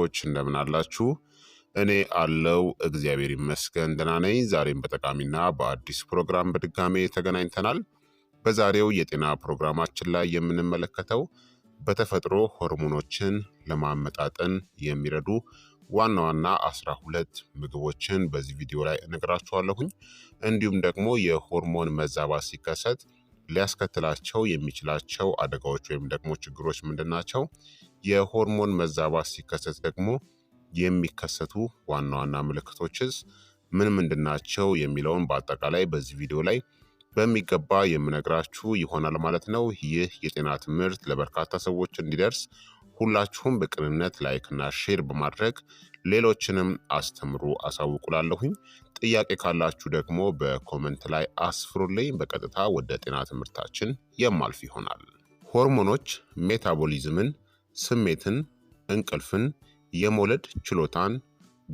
ሰዎች እንደምን አላችሁ? እኔ አለው እግዚአብሔር ይመስገን ደህና ነኝ። ዛሬም በጠቃሚና በአዲስ ፕሮግራም በድጋሜ ተገናኝተናል። በዛሬው የጤና ፕሮግራማችን ላይ የምንመለከተው በተፈጥሮ ሆርሞኖችን ለማመጣጠን የሚረዱ ዋና ዋና አስራ ሁለት ምግቦችን በዚህ ቪዲዮ ላይ እነግራችኋለሁኝ። እንዲሁም ደግሞ የሆርሞን መዛባት ሲከሰት ሊያስከትላቸው የሚችላቸው አደጋዎች ወይም ደግሞ ችግሮች ምንድን ናቸው? የሆርሞን መዛባት ሲከሰት ደግሞ የሚከሰቱ ዋና ዋና ምልክቶችስ ምን ምንድን ናቸው የሚለውን በአጠቃላይ በዚህ ቪዲዮ ላይ በሚገባ የምነግራችሁ ይሆናል ማለት ነው። ይህ የጤና ትምህርት ለበርካታ ሰዎች እንዲደርስ ሁላችሁም በቅንነት ላይክና ሼር በማድረግ ሌሎችንም አስተምሩ አሳውቁላለሁኝ። ጥያቄ ካላችሁ ደግሞ በኮመንት ላይ አስፍሩልኝ። በቀጥታ ወደ ጤና ትምህርታችን የማልፍ ይሆናል። ሆርሞኖች ሜታቦሊዝምን ስሜትን፣ እንቅልፍን፣ የመውለድ ችሎታን፣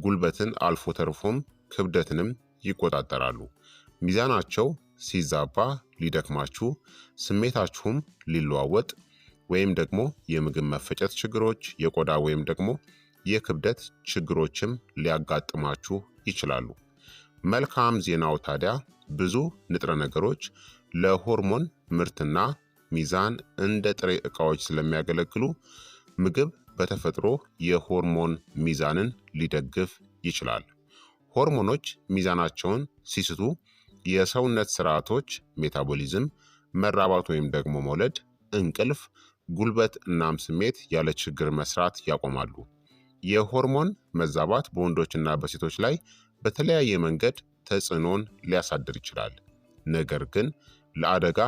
ጉልበትን አልፎ ተርፎም ክብደትንም ይቆጣጠራሉ። ሚዛናቸው ሲዛባ ሊደክማችሁ፣ ስሜታችሁም ሊለዋወጥ ወይም ደግሞ የምግብ መፈጨት ችግሮች፣ የቆዳ ወይም ደግሞ የክብደት ችግሮችም ሊያጋጥማችሁ ይችላሉ። መልካም ዜናው ታዲያ ብዙ ንጥረ ነገሮች ለሆርሞን ምርትና ሚዛን እንደ ጥሬ ዕቃዎች ስለሚያገለግሉ ምግብ በተፈጥሮ የሆርሞን ሚዛንን ሊደግፍ ይችላል። ሆርሞኖች ሚዛናቸውን ሲስቱ የሰውነት ስርዓቶች ሜታቦሊዝም፣ መራባት ወይም ደግሞ መውለድ፣ እንቅልፍ፣ ጉልበት እናም ስሜት ያለ ችግር መስራት ያቆማሉ። የሆርሞን መዛባት በወንዶችና በሴቶች ላይ በተለያየ መንገድ ተጽዕኖን ሊያሳድር ይችላል። ነገር ግን ለአደጋ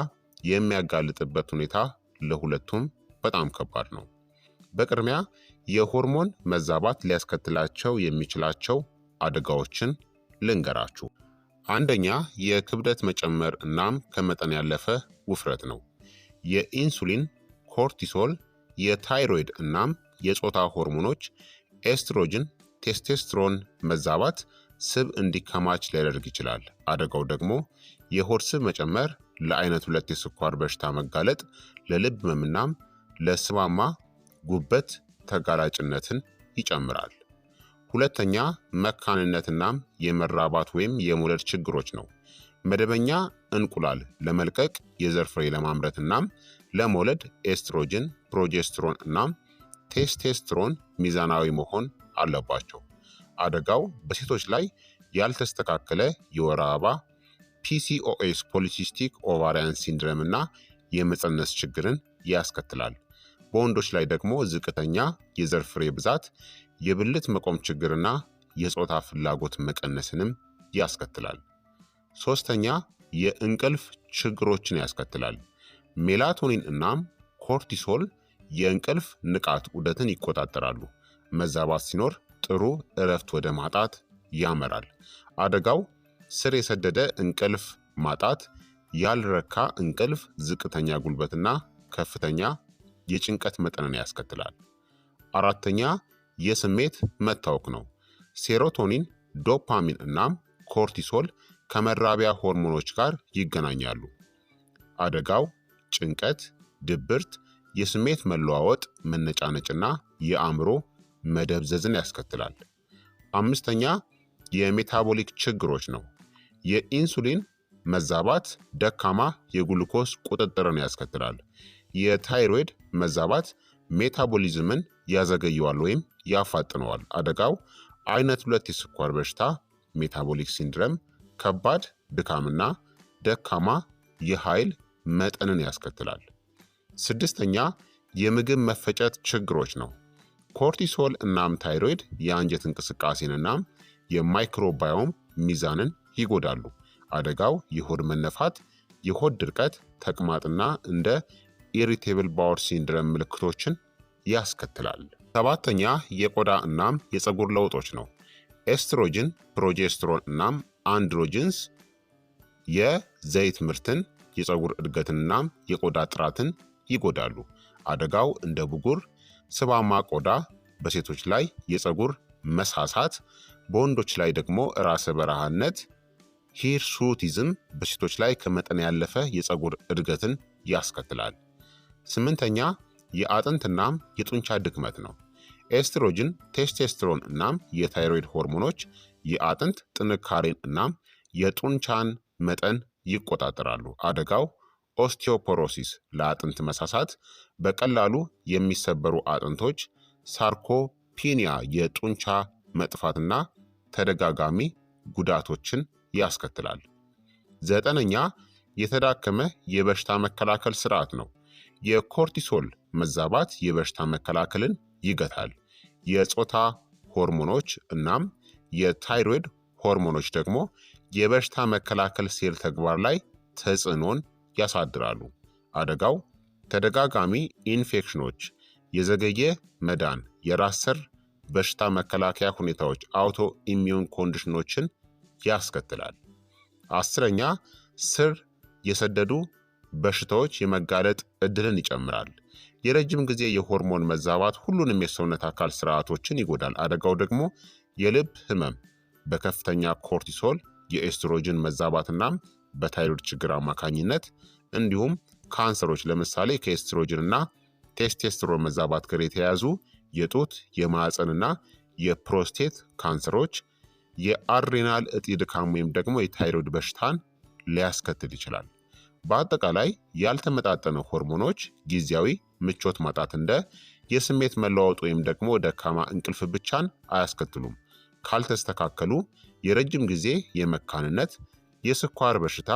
የሚያጋልጥበት ሁኔታ ለሁለቱም በጣም ከባድ ነው። በቅድሚያ የሆርሞን መዛባት ሊያስከትላቸው የሚችላቸው አደጋዎችን ልንገራችሁ። አንደኛ የክብደት መጨመር እናም ከመጠን ያለፈ ውፍረት ነው። የኢንሱሊን፣ ኮርቲሶል፣ የታይሮይድ እናም የጾታ ሆርሞኖች፣ ኤስትሮጅን፣ ቴስቴስትሮን መዛባት ስብ እንዲከማች ሊያደርግ ይችላል። አደጋው ደግሞ የሆድ ስብ መጨመር፣ ለአይነት ሁለት የስኳር በሽታ መጋለጥ፣ ለልብ ህመምናም ለስማማ ጉበት ተጋላጭነትን ይጨምራል። ሁለተኛ መካንነትናም የመራባት ወይም የመውለድ ችግሮች ነው። መደበኛ እንቁላል ለመልቀቅ የዘር ፍሬ ለማምረት እናም ለመውለድ ኤስትሮጅን፣ ፕሮጀስትሮን እናም ቴስቴስትሮን ሚዛናዊ መሆን አለባቸው። አደጋው በሴቶች ላይ ያልተስተካከለ የወር አበባ፣ ፒሲኦኤስ ፖሊሲስቲክ ኦቫሪያን ሲንድረም እና የመፀነስ ችግርን ያስከትላል። በወንዶች ላይ ደግሞ ዝቅተኛ የዘር ፍሬ ብዛት፣ የብልት መቆም ችግርና የጾታ ፍላጎት መቀነስንም ያስከትላል። ሶስተኛ የእንቅልፍ ችግሮችን ያስከትላል። ሜላቶኒን እናም ኮርቲሶል የእንቅልፍ ንቃት ዑደትን ይቆጣጠራሉ። መዛባት ሲኖር ጥሩ እረፍት ወደ ማጣት ያመራል። አደጋው ስር የሰደደ እንቅልፍ ማጣት፣ ያልረካ እንቅልፍ፣ ዝቅተኛ ጉልበትና ከፍተኛ የጭንቀት መጠንን ያስከትላል። አራተኛ የስሜት መታወክ ነው። ሴሮቶኒን፣ ዶፓሚን እናም ኮርቲሶል ከመራቢያ ሆርሞኖች ጋር ይገናኛሉ። አደጋው ጭንቀት፣ ድብርት፣ የስሜት መለዋወጥ፣ መነጫነጭና የአእምሮ መደብዘዝን ያስከትላል። አምስተኛ የሜታቦሊክ ችግሮች ነው። የኢንሱሊን መዛባት ደካማ የግሉኮስ ቁጥጥርን ያስከትላል። የታይሮይድ መዛባት ሜታቦሊዝምን ያዘገየዋል ወይም ያፋጥነዋል። አደጋው አይነት ሁለት የስኳር በሽታ ሜታቦሊክ ሲንድረም፣ ከባድ ድካምና ደካማ የኃይል መጠንን ያስከትላል። ስድስተኛ የምግብ መፈጨት ችግሮች ነው። ኮርቲሶል እናም ታይሮይድ የአንጀት እንቅስቃሴን እናም የማይክሮባዮም ሚዛንን ይጎዳሉ። አደጋው የሆድ መነፋት፣ የሆድ ድርቀት፣ ተቅማጥና እንደ ኢሪቴብል ባወር ሲንድረም ምልክቶችን ያስከትላል። ሰባተኛ የቆዳ እናም የፀጉር ለውጦች ነው። ኤስትሮጅን፣ ፕሮጀስትሮን እናም አንድሮጅንስ የዘይት ምርትን፣ የፀጉር እድገትንና የቆዳ ጥራትን ይጎዳሉ። አደጋው እንደ ብጉር፣ ስባማ ቆዳ፣ በሴቶች ላይ የፀጉር መሳሳት፣ በወንዶች ላይ ደግሞ ራሰ በረሃነት፣ ሂርሱቲዝም በሴቶች ላይ ከመጠን ያለፈ የፀጉር እድገትን ያስከትላል። ስምንተኛ የአጥንት እናም የጡንቻ ድክመት ነው። ኤስትሮጅን፣ ቴስቴስትሮን እናም የታይሮይድ ሆርሞኖች የአጥንት ጥንካሬን እናም የጡንቻን መጠን ይቆጣጠራሉ። አደጋው ኦስቲዮፖሮሲስ፣ ለአጥንት መሳሳት፣ በቀላሉ የሚሰበሩ አጥንቶች፣ ሳርኮፒኒያ፣ የጡንቻ መጥፋትና ተደጋጋሚ ጉዳቶችን ያስከትላል። ዘጠነኛ የተዳከመ የበሽታ መከላከል ስርዓት ነው። የኮርቲሶል መዛባት የበሽታ መከላከልን ይገታል። የጾታ ሆርሞኖች እናም የታይሮይድ ሆርሞኖች ደግሞ የበሽታ መከላከል ሴል ተግባር ላይ ተጽዕኖን ያሳድራሉ። አደጋው ተደጋጋሚ ኢንፌክሽኖች፣ የዘገየ መዳን፣ የራስ በሽታ መከላከያ ሁኔታዎች አውቶ ኢሚዩን ኮንዲሽኖችን ያስከትላል። አስረኛ ስር የሰደዱ በሽታዎች የመጋለጥ እድልን ይጨምራል። የረጅም ጊዜ የሆርሞን መዛባት ሁሉንም የሰውነት አካል ስርዓቶችን ይጎዳል። አደጋው ደግሞ የልብ ህመም በከፍተኛ ኮርቲሶል፣ የኤስትሮጅን መዛባትናም በታይሮድ ችግር አማካኝነት እንዲሁም ካንሰሮች ለምሳሌ ከኤስትሮጅንና ቴስቴስትሮን መዛባት ጋር የተያያዙ የጡት የማዕፀንና የፕሮስቴት ካንሰሮች፣ የአድሬናል እጢ ድካም ወይም ደግሞ የታይሮድ በሽታን ሊያስከትል ይችላል። በአጠቃላይ ያልተመጣጠኑ ሆርሞኖች ጊዜያዊ ምቾት ማጣት እንደ የስሜት መለዋወጥ ወይም ደግሞ ደካማ እንቅልፍ ብቻን አያስከትሉም። ካልተስተካከሉ የረጅም ጊዜ የመካንነት፣ የስኳር በሽታ፣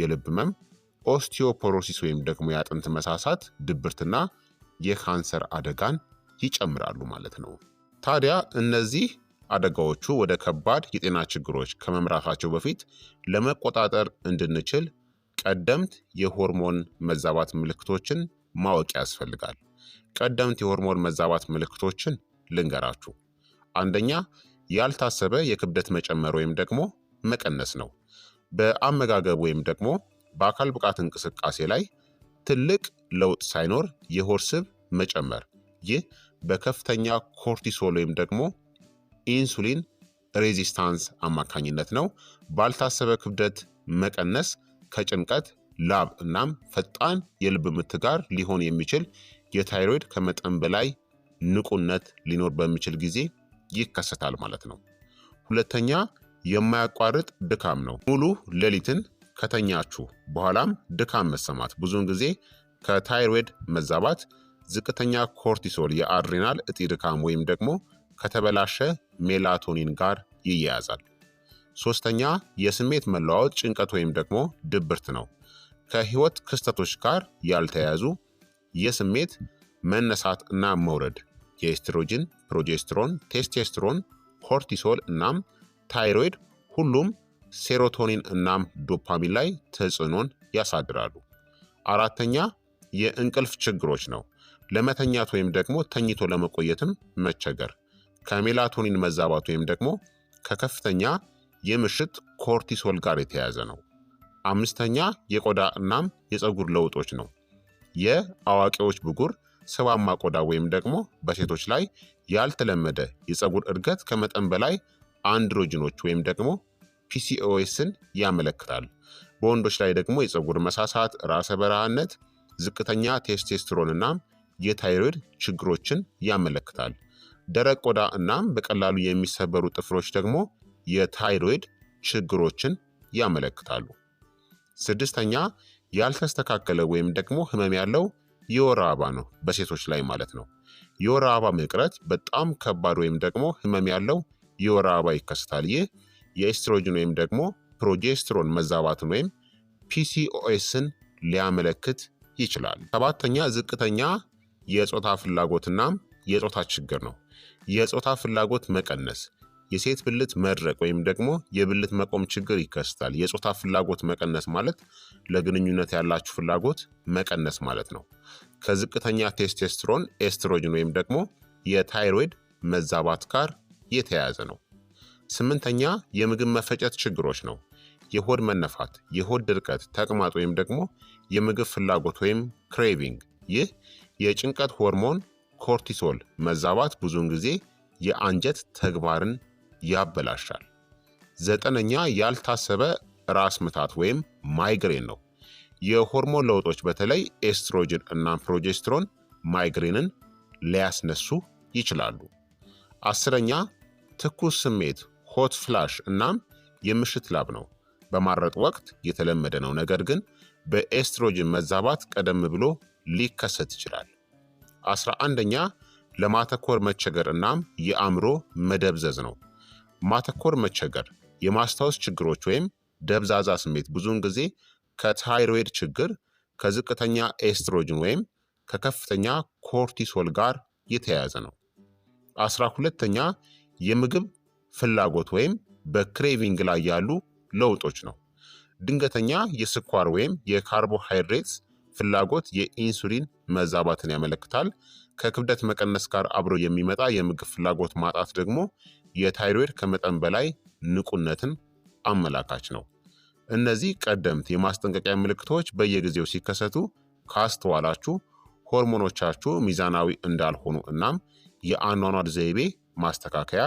የልብ ህመም፣ ኦስቲዮፖሮሲስ ወይም ደግሞ የአጥንት መሳሳት፣ ድብርትና የካንሰር አደጋን ይጨምራሉ ማለት ነው። ታዲያ እነዚህ አደጋዎቹ ወደ ከባድ የጤና ችግሮች ከመምራታቸው በፊት ለመቆጣጠር እንድንችል ቀደምት የሆርሞን መዛባት ምልክቶችን ማወቅ ያስፈልጋል። ቀደምት የሆርሞን መዛባት ምልክቶችን ልንገራችሁ። አንደኛ ያልታሰበ የክብደት መጨመር ወይም ደግሞ መቀነስ ነው። በአመጋገብ ወይም ደግሞ በአካል ብቃት እንቅስቃሴ ላይ ትልቅ ለውጥ ሳይኖር የሆድ ስብ መጨመር፣ ይህ በከፍተኛ ኮርቲሶል ወይም ደግሞ ኢንሱሊን ሬዚስታንስ አማካኝነት ነው። ባልታሰበ ክብደት መቀነስ ከጭንቀት ላብ እናም ፈጣን የልብ ምት ጋር ሊሆን የሚችል የታይሮይድ ከመጠን በላይ ንቁነት ሊኖር በሚችል ጊዜ ይከሰታል ማለት ነው። ሁለተኛ የማያቋርጥ ድካም ነው። ሙሉ ሌሊትን ከተኛችሁ በኋላም ድካም መሰማት ብዙውን ጊዜ ከታይሮይድ መዛባት፣ ዝቅተኛ ኮርቲሶል፣ የአድሬናል እጢ ድካም ወይም ደግሞ ከተበላሸ ሜላቶኒን ጋር ይያያዛል። ሶስተኛ የስሜት መለዋወጥ ጭንቀት ወይም ደግሞ ድብርት ነው። ከህይወት ክስተቶች ጋር ያልተያያዙ የስሜት መነሳት እና መውረድ የኤስትሮጅን፣ ፕሮጀስትሮን፣ ቴስቴስትሮን፣ ኮርቲሶል እናም ታይሮይድ ሁሉም ሴሮቶኒን እናም ዶፓሚን ላይ ተጽዕኖን ያሳድራሉ። አራተኛ የእንቅልፍ ችግሮች ነው። ለመተኛት ወይም ደግሞ ተኝቶ ለመቆየትም መቸገር ከሜላቶኒን መዛባት ወይም ደግሞ ከከፍተኛ የምሽት ኮርቲሶል ጋር የተያያዘ ነው። አምስተኛ የቆዳ እናም የፀጉር ለውጦች ነው። የአዋቂዎች ብጉር ስባማ ቆዳ ወይም ደግሞ በሴቶች ላይ ያልተለመደ የፀጉር እድገት ከመጠን በላይ አንድሮጅኖች ወይም ደግሞ ፒሲኦኤስን ያመለክታል። በወንዶች ላይ ደግሞ የፀጉር መሳሳት፣ ራሰ በረሃነት፣ ዝቅተኛ ቴስቴስትሮን እናም የታይሮይድ ችግሮችን ያመለክታል። ደረቅ ቆዳ እናም በቀላሉ የሚሰበሩ ጥፍሮች ደግሞ የታይሮይድ ችግሮችን ያመለክታሉ። ስድስተኛ ያልተስተካከለ ወይም ደግሞ ህመም ያለው የወር አበባ ነው፣ በሴቶች ላይ ማለት ነው። የወር አበባ መቅረት በጣም ከባድ ወይም ደግሞ ህመም ያለው የወር አበባ ይከሰታል። ይህ የኤስትሮጅን ወይም ደግሞ ፕሮጀስትሮን መዛባትን ወይም ፒሲኦኤስን ሊያመለክት ይችላል። ሰባተኛ ዝቅተኛ የጾታ ፍላጎትና የጾታ ችግር ነው። የጾታ ፍላጎት መቀነስ የሴት ብልት መድረቅ ወይም ደግሞ የብልት መቆም ችግር ይከሰታል። የጾታ ፍላጎት መቀነስ ማለት ለግንኙነት ያላችሁ ፍላጎት መቀነስ ማለት ነው። ከዝቅተኛ ቴስቴስትሮን፣ ኤስትሮጅን ወይም ደግሞ የታይሮይድ መዛባት ጋር የተያያዘ ነው። ስምንተኛ የምግብ መፈጨት ችግሮች ነው። የሆድ መነፋት፣ የሆድ ድርቀት፣ ተቅማጥ ወይም ደግሞ የምግብ ፍላጎት ወይም ክሬቪንግ። ይህ የጭንቀት ሆርሞን ኮርቲሶል መዛባት ብዙውን ጊዜ የአንጀት ተግባርን ያበላሻል። ዘጠነኛ ያልታሰበ ራስ ምታት ወይም ማይግሬን ነው። የሆርሞን ለውጦች በተለይ ኤስትሮጅን እና ፕሮጀስትሮን ማይግሬንን ሊያስነሱ ይችላሉ። አስረኛ ትኩስ ስሜት ሆት ፍላሽ እናም የምሽት ላብ ነው። በማረጥ ወቅት የተለመደ ነው፣ ነገር ግን በኤስትሮጅን መዛባት ቀደም ብሎ ሊከሰት ይችላል። አስራ አንደኛ ለማተኮር መቸገር እናም የአእምሮ መደብዘዝ ነው። ማተኮር መቸገር፣ የማስታወስ ችግሮች ወይም ደብዛዛ ስሜት ብዙውን ጊዜ ከታይሮይድ ችግር፣ ከዝቅተኛ ኤስትሮጅን ወይም ከከፍተኛ ኮርቲሶል ጋር የተያያዘ ነው። አስራ ሁለተኛ የምግብ ፍላጎት ወይም በክሬቪንግ ላይ ያሉ ለውጦች ነው። ድንገተኛ የስኳር ወይም የካርቦሃይድሬትስ ፍላጎት የኢንሱሊን መዛባትን ያመለክታል። ከክብደት መቀነስ ጋር አብሮ የሚመጣ የምግብ ፍላጎት ማጣት ደግሞ የታይሮይድ ከመጠን በላይ ንቁነትን አመላካች ነው። እነዚህ ቀደምት የማስጠንቀቂያ ምልክቶች በየጊዜው ሲከሰቱ ካስተዋላችሁ ሆርሞኖቻችሁ ሚዛናዊ እንዳልሆኑ እናም የአኗኗር ዘይቤ ማስተካከያ፣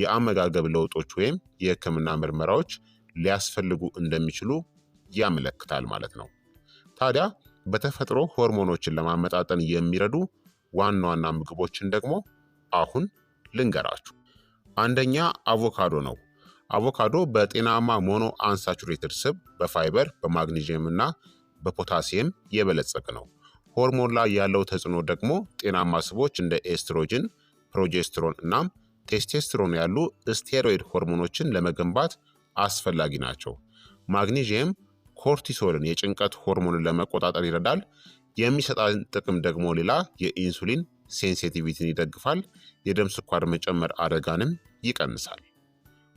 የአመጋገብ ለውጦች ወይም የሕክምና ምርመራዎች ሊያስፈልጉ እንደሚችሉ ያመለክታል ማለት ነው። ታዲያ በተፈጥሮ ሆርሞኖችን ለማመጣጠን የሚረዱ ዋና ዋና ምግቦችን ደግሞ አሁን ልንገራችሁ። አንደኛ አቮካዶ ነው። አቮካዶ በጤናማ ሞኖ አንሳቹሬትድ ስብ፣ በፋይበር፣ በማግኒዥየም እና በፖታሲየም የበለጸገ ነው። ሆርሞን ላይ ያለው ተጽዕኖ ደግሞ ጤናማ ስቦች እንደ ኤስትሮጅን፣ ፕሮጀስትሮን እናም ቴስቴስትሮን ያሉ ስቴሮይድ ሆርሞኖችን ለመገንባት አስፈላጊ ናቸው። ማግኒዥየም ኮርቲሶልን የጭንቀት ሆርሞንን ለመቆጣጠር ይረዳል። የሚሰጣን ጥቅም ደግሞ ሌላ የኢንሱሊን ሴንሲቲቪቲን ይደግፋል። የደም ስኳር መጨመር አደጋንም ይቀንሳል።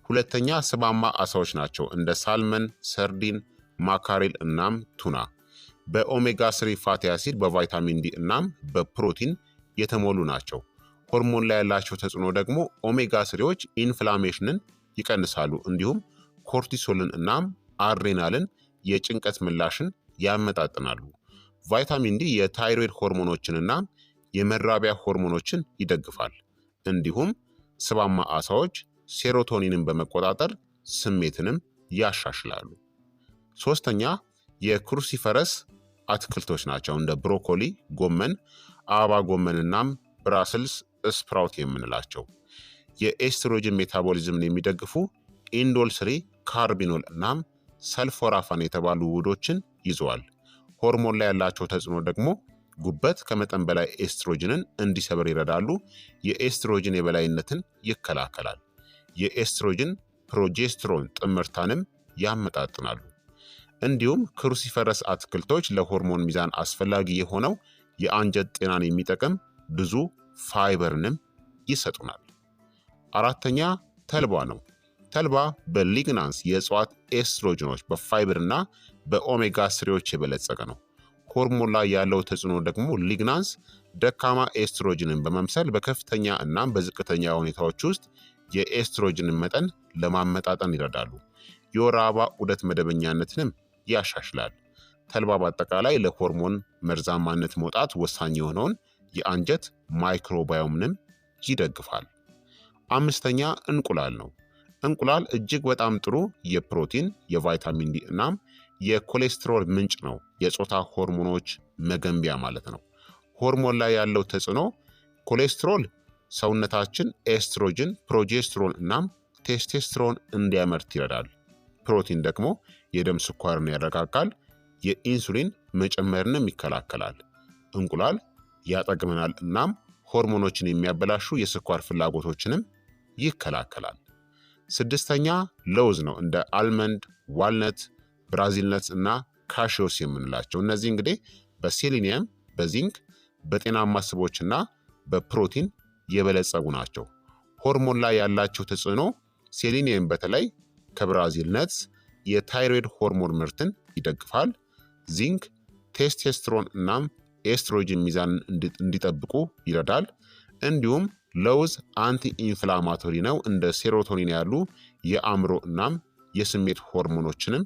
ሁለተኛ ስባማ አሳዎች ናቸው። እንደ ሳልመን፣ ሰርዲን፣ ማካሬል እናም ቱና በኦሜጋ ስሪ ፋቲ አሲድ በቫይታሚን ዲ እናም በፕሮቲን የተሞሉ ናቸው። ሆርሞን ላይ ያላቸው ተጽዕኖ ደግሞ ኦሜጋ ስሪዎች ኢንፍላሜሽንን ይቀንሳሉ እንዲሁም ኮርቲሶልን እናም አድሬናልን የጭንቀት ምላሽን ያመጣጥናሉ። ቫይታሚን ዲ የታይሮይድ ሆርሞኖችንና የመራቢያ ሆርሞኖችን ይደግፋል። እንዲሁም ስባማ አሳዎች ሴሮቶኒንን በመቆጣጠር ስሜትንም ያሻሽላሉ። ሶስተኛ የክሩሲፈረስ አትክልቶች ናቸው። እንደ ብሮኮሊ፣ ጎመን፣ አበባ ጎመን እናም ብራስልስ ስፕራውት የምንላቸው የኤስትሮጅን ሜታቦሊዝምን የሚደግፉ ኢንዶል ስሪ ካርቢኖል እናም ሰልፎራፋን የተባሉ ውህዶችን ይዘዋል። ሆርሞን ላይ ያላቸው ተጽዕኖ ደግሞ ጉበት ከመጠን በላይ ኤስትሮጅንን እንዲሰብር ይረዳሉ። የኤስትሮጅን የበላይነትን ይከላከላል። የኤስትሮጅን ፕሮጀስትሮን ጥምርታንም ያመጣጥናሉ። እንዲሁም ክሩሲፈረስ አትክልቶች ለሆርሞን ሚዛን አስፈላጊ የሆነው የአንጀት ጤናን የሚጠቅም ብዙ ፋይበርንም ይሰጡናል። አራተኛ ተልባ ነው። ተልባ በሊግናንስ የእጽዋት ኤስትሮጅኖች በፋይበርና በኦሜጋ ስሬዎች የበለጸገ ነው። ሆርሞን ላይ ያለው ተጽዕኖ ደግሞ ሊግናንስ ደካማ ኤስትሮጅንን በመምሰል በከፍተኛ እናም በዝቅተኛ ሁኔታዎች ውስጥ የኤስትሮጅንን መጠን ለማመጣጠን ይረዳሉ። የወር አበባ ዑደት መደበኛነትንም ያሻሽላል። ተልባ በአጠቃላይ ለሆርሞን መርዛማነት መውጣት ወሳኝ የሆነውን የአንጀት ማይክሮባዮምንም ይደግፋል። አምስተኛ እንቁላል ነው። እንቁላል እጅግ በጣም ጥሩ የፕሮቲን የቫይታሚን ዲ እናም የኮሌስትሮል ምንጭ ነው። የጾታ ሆርሞኖች መገንቢያ ማለት ነው። ሆርሞን ላይ ያለው ተጽዕኖ ኮሌስትሮል ሰውነታችን ኤስትሮጅን፣ ፕሮጀስትሮን እናም ቴስቴስትሮን እንዲያመርት ይረዳል። ፕሮቲን ደግሞ የደም ስኳርን ያረጋጋል፣ የኢንሱሊን መጨመርንም ይከላከላል። እንቁላል ያጠግመናል እናም ሆርሞኖችን የሚያበላሹ የስኳር ፍላጎቶችንም ይከላከላል። ስድስተኛ ለውዝ ነው። እንደ አልመንድ፣ ዋልነት፣ ብራዚልነት እና ካሽዮስ የምንላቸው እነዚህ እንግዲህ በሴሊኒየም በዚንክ በጤናማ ስቦችና በፕሮቲን የበለጸጉ ናቸው። ሆርሞን ላይ ያላቸው ተጽዕኖ ሴሊኒየም በተለይ ከብራዚልነት የታይሮይድ ሆርሞን ምርትን ይደግፋል። ዚንክ ቴስቴስትሮን እናም ኤስትሮጅን ሚዛንን እንዲጠብቁ ይረዳል። እንዲሁም ለውዝ አንቲ ኢንፍላማቶሪ ነው። እንደ ሴሮቶኒን ያሉ የአእምሮ እናም የስሜት ሆርሞኖችንም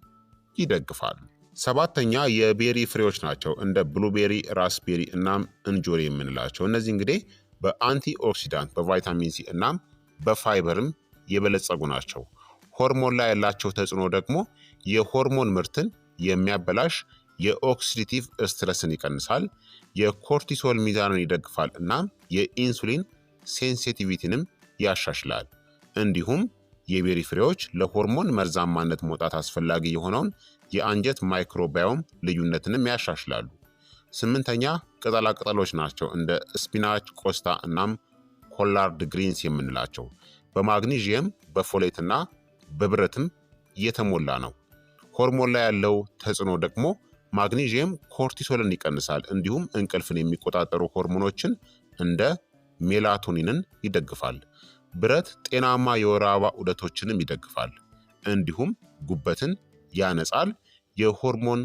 ይደግፋል። ሰባተኛ የቤሪ ፍሬዎች ናቸው። እንደ ብሉቤሪ፣ ራስቤሪ እናም እንጆሪ የምንላቸው እነዚህ እንግዲህ በአንቲ ኦክሲዳንት በቫይታሚን ሲ እናም በፋይበርም የበለጸጉ ናቸው። ሆርሞን ላይ ያላቸው ተጽዕኖ ደግሞ የሆርሞን ምርትን የሚያበላሽ የኦክሲዲቲቭ ስትረስን ይቀንሳል፣ የኮርቲሶል ሚዛንን ይደግፋል እናም የኢንሱሊን ሴንሲቲቪቲንም ያሻሽላል። እንዲሁም የቤሪ ፍሬዎች ለሆርሞን መርዛማነት መውጣት አስፈላጊ የሆነውን የአንጀት ማይክሮባዮም ልዩነትንም ያሻሽላሉ። ስምንተኛ ቅጠላ ቅጠሎች ናቸው። እንደ ስፒናች፣ ቆስታ እናም ኮላርድ ግሪንስ የምንላቸው በማግኒዥየም በፎሌትና በብረትም የተሞላ ነው። ሆርሞን ላይ ያለው ተጽዕኖ ደግሞ ማግኒዥየም ኮርቲሶልን ይቀንሳል። እንዲሁም እንቅልፍን የሚቆጣጠሩ ሆርሞኖችን እንደ ሜላቶኒንን ይደግፋል። ብረት ጤናማ የወር አበባ ዑደቶችንም ይደግፋል። እንዲሁም ጉበትን ያነጻል፣ የሆርሞን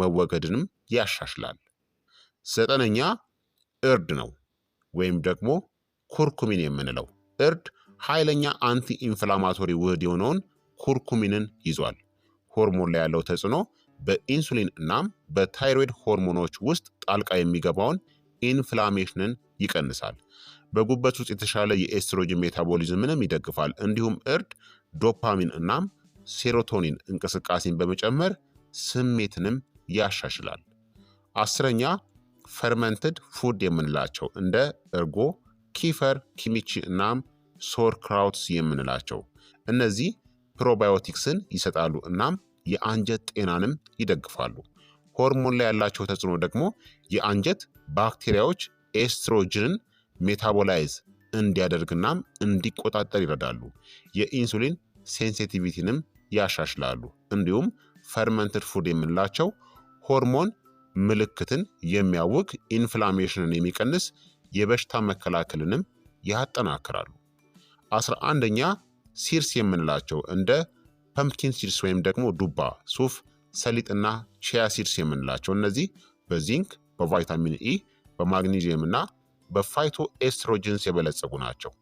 መወገድንም ያሻሽላል። ዘጠነኛ እርድ ነው ወይም ደግሞ ኩርኩሚን የምንለው እርድ ኃይለኛ አንቲ ኢንፍላማቶሪ ውህድ የሆነውን ኩርኩሚንን ይዟል። ሆርሞን ላይ ያለው ተጽዕኖ በኢንሱሊን እናም በታይሮይድ ሆርሞኖች ውስጥ ጣልቃ የሚገባውን ኢንፍላሜሽንን ይቀንሳል። በጉበት ውስጥ የተሻለ የኤስትሮጅን ሜታቦሊዝምንም ይደግፋል። እንዲሁም እርድ ዶፓሚን እናም ሴሮቶኒን እንቅስቃሴን በመጨመር ስሜትንም ያሻሽላል። አስረኛ ፈርመንትድ ፉድ የምንላቸው እንደ እርጎ፣ ኪፈር፣ ኪሚቺ እናም ሶርክራውትስ የምንላቸው እነዚህ ፕሮባዮቲክስን ይሰጣሉ እናም የአንጀት ጤናንም ይደግፋሉ። ሆርሞን ላይ ያላቸው ተጽዕኖ ደግሞ የአንጀት ባክቴሪያዎች ኤስትሮጅንን ሜታቦላይዝ እንዲያደርግናም እንዲቆጣጠር ይረዳሉ። የኢንሱሊን ሴንሲቲቪቲንም ያሻሽላሉ። እንዲሁም ፈርመንትድ ፉድ የምንላቸው ሆርሞን ምልክትን የሚያውቅ ኢንፍላሜሽንን የሚቀንስ የበሽታ መከላከልንም ያጠናክራሉ። አስራ አንደኛ ሲርስ የምንላቸው እንደ ፐምፕኪን ሲርስ ወይም ደግሞ ዱባ፣ ሱፍ፣ ሰሊጥና ቺያ ሲርስ የምንላቸው እነዚህ በዚንክ በቫይታሚን ኢ በማግኒዚየምና በፋይቶ ኤስትሮጅንስ የበለጸጉ ናቸው።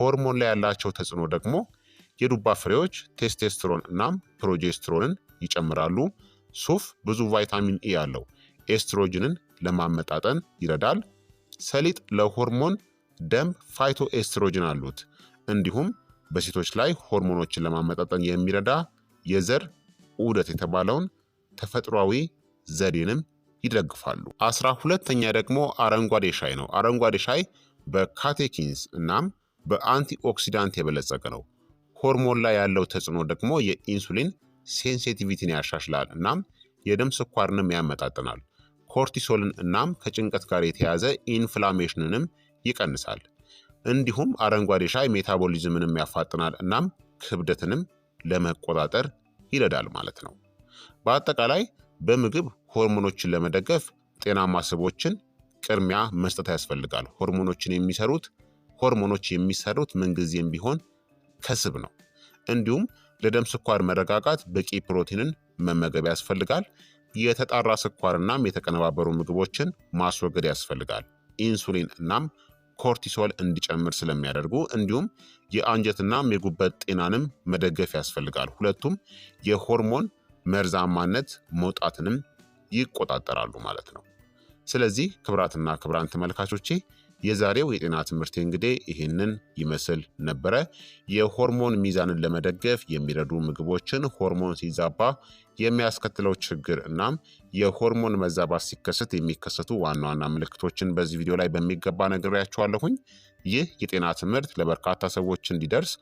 ሆርሞን ላይ ያላቸው ተጽዕኖ ደግሞ የዱባ ፍሬዎች ቴስቴስትሮን እናም ፕሮጀስትሮንን ይጨምራሉ። ሱፍ ብዙ ቫይታሚን ኢ ያለው ኤስትሮጅንን ለማመጣጠን ይረዳል። ሰሊጥ ለሆርሞን ደም ፋይቶ ኤስትሮጅን አሉት። እንዲሁም በሴቶች ላይ ሆርሞኖችን ለማመጣጠን የሚረዳ የዘር ዑደት የተባለውን ተፈጥሯዊ ዘዴንም ይደግፋሉ። አስራ ሁለተኛ ደግሞ አረንጓዴ ሻይ ነው። አረንጓዴ ሻይ በካቴኪንስ እናም በአንቲኦክሲዳንት የበለጸገ ነው። ሆርሞን ላይ ያለው ተጽዕኖ ደግሞ የኢንሱሊን ሴንሲቲቪቲን ያሻሽላል እናም የደም ስኳርንም ያመጣጥናል። ኮርቲሶልን እናም ከጭንቀት ጋር የተያዘ ኢንፍላሜሽንንም ይቀንሳል። እንዲሁም አረንጓዴ ሻይ ሜታቦሊዝምንም ያፋጥናል እናም ክብደትንም ለመቆጣጠር ይረዳል ማለት ነው። በአጠቃላይ በምግብ ሆርሞኖችን ለመደገፍ ጤናማ ስቦችን ቅድሚያ መስጠት ያስፈልጋል። ሆርሞኖችን የሚሰሩት ሆርሞኖች የሚሰሩት ምንጊዜም ቢሆን ከስብ ነው። እንዲሁም ለደም ስኳር መረጋጋት በቂ ፕሮቲንን መመገብ ያስፈልጋል። የተጣራ ስኳርና የተቀነባበሩ ምግቦችን ማስወገድ ያስፈልጋል። ኢንሱሊን እናም ኮርቲሶል እንዲጨምር ስለሚያደርጉ እንዲሁም የአንጀትናም የጉበት ጤናንም መደገፍ ያስፈልጋል። ሁለቱም የሆርሞን መርዛማነት መውጣትንም ይቆጣጠራሉ ማለት ነው። ስለዚህ ክብራትና ክብራን ተመልካቾቼ የዛሬው የጤና ትምህርት እንግዲህ ይህንን ይመስል ነበረ። የሆርሞን ሚዛንን ለመደገፍ የሚረዱ ምግቦችን፣ ሆርሞን ሲዛባ የሚያስከትለው ችግር እናም የሆርሞን መዛባት ሲከሰት የሚከሰቱ ዋና ዋና ምልክቶችን በዚህ ቪዲዮ ላይ በሚገባ ነግሬያችኋለሁኝ። ይህ የጤና ትምህርት ለበርካታ ሰዎች እንዲደርስ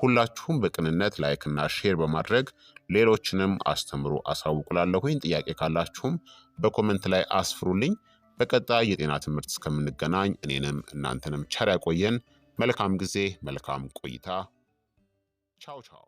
ሁላችሁም በቅንነት ላይክና ሼር በማድረግ ሌሎችንም አስተምሩ። አሳውቁላለሁኝ። ጥያቄ ካላችሁም በኮመንት ላይ አስፍሩልኝ። በቀጣይ የጤና ትምህርት እስከምንገናኝ እኔንም እናንተንም ቸር ያቆየን። መልካም ጊዜ፣ መልካም ቆይታ። ቻው ቻው